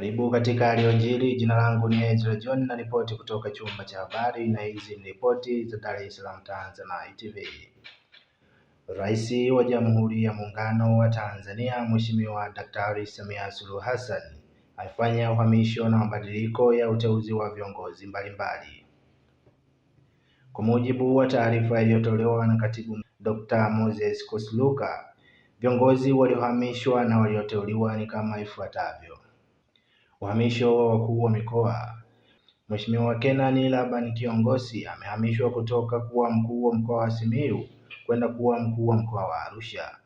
Karibu katika yaliyojiri. Jina langu ni Ezra John na ripoti kutoka chumba cha habari, na hizi ni ripoti za Dar es Salaam Tanzanite TV. Rais wa Jamhuri ya Muungano wa Tanzania Mheshimiwa Daktari Samia Suluhu Hassan afanya uhamisho na mabadiliko ya uteuzi wa viongozi mbalimbali. Kwa mujibu wa taarifa iliyotolewa na Katibu Dr. Moses kosluka viongozi waliohamishwa na walioteuliwa ni kama ifuatavyo: Uhamisho wa wakuu wa mikoa. Mheshimiwa Kenani Laban Kiongosi amehamishwa kutoka kuwa mkuu wa mkoa wa Simiyu kwenda kuwa mkuu wa mkoa wa Arusha,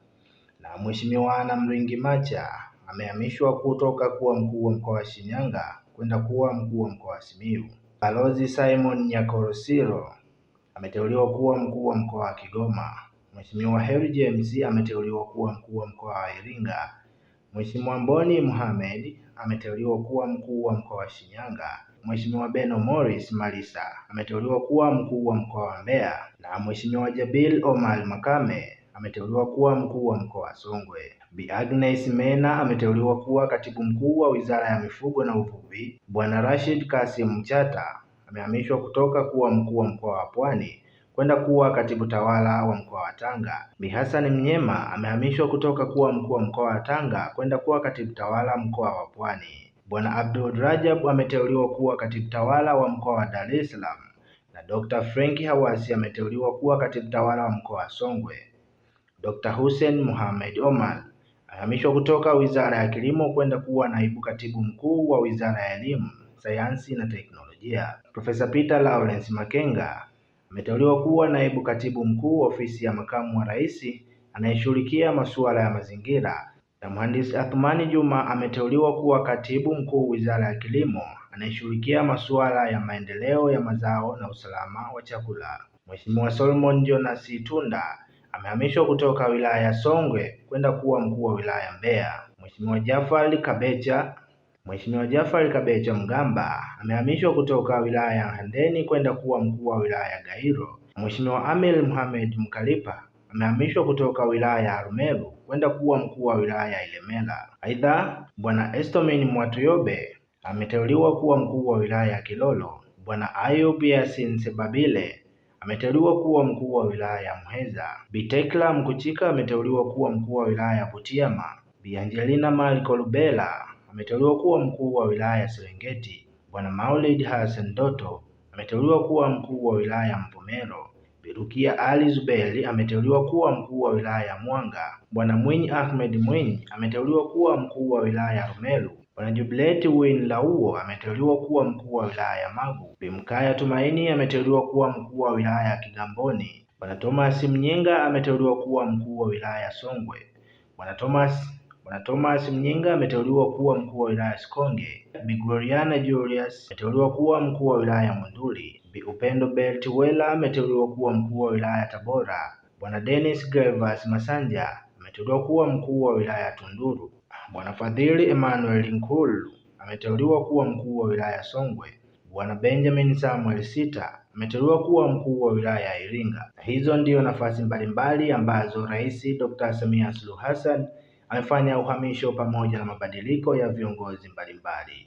na Mheshimiwa Ana Mringi Macha amehamishwa kutoka kuwa mkuu wa mkoa wa Shinyanga kwenda kuwa mkuu wa mkoa wa Simiyu. Balozi Simon Nyakorosiro ameteuliwa kuwa mkuu wa mkoa wa Kigoma. Mheshimiwa Harry James ameteuliwa kuwa mkuu wa mkoa wa Iringa Mheshimiwa Mboni Mohamed ameteuliwa kuwa mkuu wa mkoa wa Shinyanga, Mheshimiwa Beno Morris Malisa ameteuliwa kuwa mkuu wa mkoa wa Mbeya na Mheshimiwa Jabil Omar Makame ameteuliwa kuwa mkuu wa mkoa wa Songwe. Bi Agnes Mena ameteuliwa kuwa katibu mkuu wa Wizara ya Mifugo na Uvuvi. Bwana Rashid Kasim Chata amehamishwa kutoka kuwa mkuu wa mkoa wa Pwani kwenda kuwa katibu tawala wa mkoa wa Tanga. Bi Hassan Mnyema amehamishwa kutoka kuwa mkuu wa mkoa wa Tanga kwenda kuwa katibu tawala mkoa wa Pwani. Bwana Abdul Rajab ameteuliwa kuwa katibu tawala wa mkoa wa Dar es Salaam na Dr. Frenki Hawasi ameteuliwa kuwa katibu tawala wa mkoa wa Songwe. Dr. Hussein Mohamed Omar amehamishwa kutoka Wizara ya Kilimo kwenda kuwa naibu katibu mkuu wa Wizara ya Elimu, Sayansi na Teknolojia. Profesa Peter Lawrence Makenga ameteuliwa kuwa naibu katibu mkuu ofisi ya makamu wa rais anayeshughulikia masuala ya mazingira, na mhandisi Athumani Juma ameteuliwa kuwa katibu mkuu wizara ya kilimo anayeshughulikia masuala ya maendeleo ya mazao na usalama wa chakula. Mheshimiwa Solomon Jonas Itunda amehamishwa kutoka wilaya ya Songwe kwenda kuwa mkuu wa wilaya ya Mbeya. Mheshimiwa Jafari Kabecha Mheshimiwa Jafari kabecho Mgamba amehamishwa kutoka wilaya ya Handeni kwenda kuwa mkuu wa wilaya ya Gairo. Mheshimiwa Amil Mohamed Mkalipa amehamishwa kutoka wilaya ya Arumeru kwenda kuwa mkuu wa wilaya ya Ilemela. Aidha, Bwana Estomin mwatuyobe ameteuliwa kuwa mkuu wa wilaya ya Kilolo. Bwana Ayub Yasin Sebabile ameteuliwa kuwa mkuu wa wilaya ya Muheza. Bitekla Mkuchika ameteuliwa kuwa mkuu wa wilaya ya Butiama. Bi Angelina Michael Bela ameteuliwa kuwa mkuu wa wilaya ya Serengeti, Bwana Maulid Hassan doto ameteuliwa kuwa mkuu wa wilaya ya Mvomero, birukia Ali zubeli ameteuliwa kuwa mkuu wa wilaya ya Mwanga, Bwana Mwinyi Ahmed Mwinyi ameteuliwa kuwa mkuu wa wilaya ya rumelu Bwana Jubilet Win Lauo ameteuliwa kuwa mkuu wa wilaya ya Magu, bimkaya Tumaini ameteuliwa kuwa mkuu wa wilaya ya Kigamboni, Bwana Thomas Mnyenga ameteuliwa kuwa mkuu wa wilaya ya Songwe, Bwana Thomas Bwana Thomas Mnyinga ameteuliwa kuwa mkuu wa wilaya Sikonge. Bi Gloriana Julius ameteuliwa kuwa mkuu wa wilaya Monduli. Bi Upendo Belt Wela ameteuliwa kuwa mkuu wa wilaya Tabora. Bwana Dennis Gervas Masanja ameteuliwa kuwa mkuu wa wilaya Tunduru. Bwana Fadhili Emmanuel Nkulu ameteuliwa kuwa mkuu wa wilaya Songwe. Bwana Benjamin Samuel Sita ameteuliwa kuwa mkuu wa wilaya ya Iringa. Hizo ndiyo nafasi mbalimbali ambazo Rais Dr. Samia Suluhu Hassan amefanya uhamisho pamoja na mabadiliko ya viongozi mbalimbali